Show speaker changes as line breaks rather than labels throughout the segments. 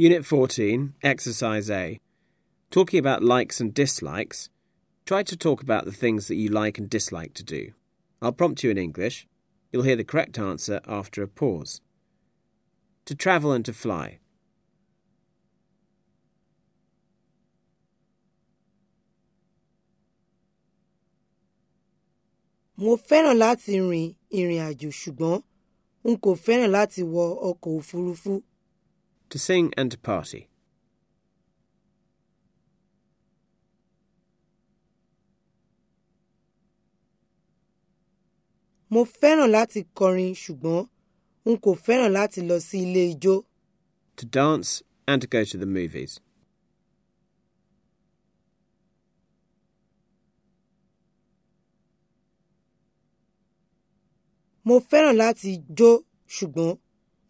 Unit 14, Exercise A. Talking about likes and dislikes, try to talk about the things that you like and dislike to do. I'll prompt you in English. You'll hear the correct answer after a pause. To travel and to fly.
Mo fẹ́ràn láti rin ìrìn àjò ṣùgbọ́n n kò fẹ́ràn láti wọ ọkọ̀ òfurufú
to sing and to party.
Mo fẹ́ràn láti kọrin ṣùgbọ́n n kò fẹ́ràn láti lọ sí ilé ijó.
To dance and to go to the movies.
Mo fẹ́ràn láti jó ṣùgbọ́n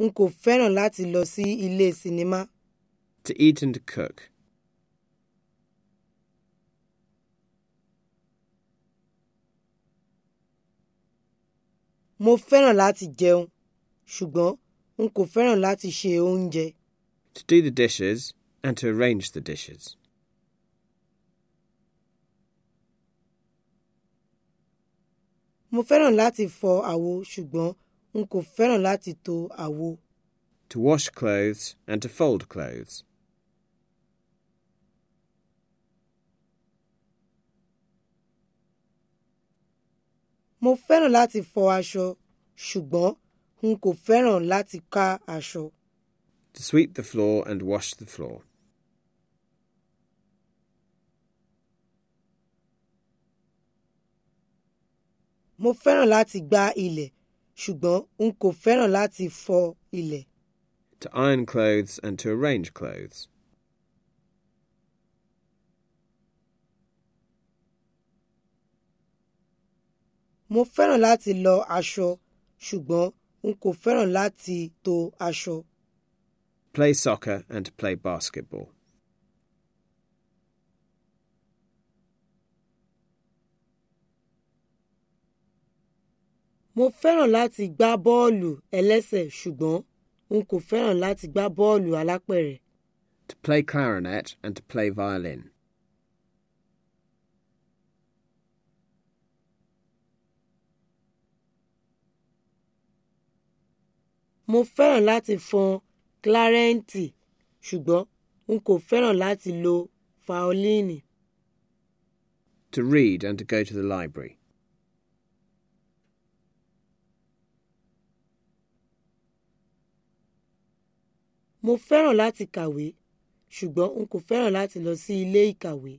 N kò fẹ́ràn láti lọ sí ilé sinimá.
To eat and to cook.
Mo fẹ́ràn láti jẹun, ṣùgbọ́n n kò fẹ́ràn láti ṣe oúnjẹ.
To do the dishes and to arrange the dishes.
Mo fẹ́ràn láti fọ àwo ṣùgbọ́n N kò fẹ́ràn láti to àwo.
To wash clothes and to fold clothes.
Mo fẹ́ràn láti fọ aṣọ, ṣùgbọ́n n kò fẹ́ràn láti ká aṣọ.
To sweep the floor and wash the floor.
Mo fẹ́ràn láti gbá ilẹ̀ ṣùgbọ́n n kò fẹ́ràn láti fọ ilẹ̀.
To iron clothes and to arrange clothes.
Mo fẹ́ràn láti lọ aṣọ ṣùgbọ́n n kò fẹ́ràn láti to aṣọ.
Play soccer and play basketball.
Mo fẹ́ràn láti gbá bọ́ọ̀lù ẹlẹ́sẹ̀ ṣùgbọ́n n kò fẹ́ràn láti gbá bọ́ọ̀lù alápẹ̀rẹ̀.
To play clarinet and to play violin.
Mo fẹ́ràn láti fọn klárẹ́ǹtì ṣùgbọ́n n kò fẹ́ràn láti lo fáólìnì.
To read and to go to the library.
Mo fẹ́ràn láti kàwé, ṣùgbọ́n n kò fẹ́ràn láti lọ sí ilé-ìkàwé.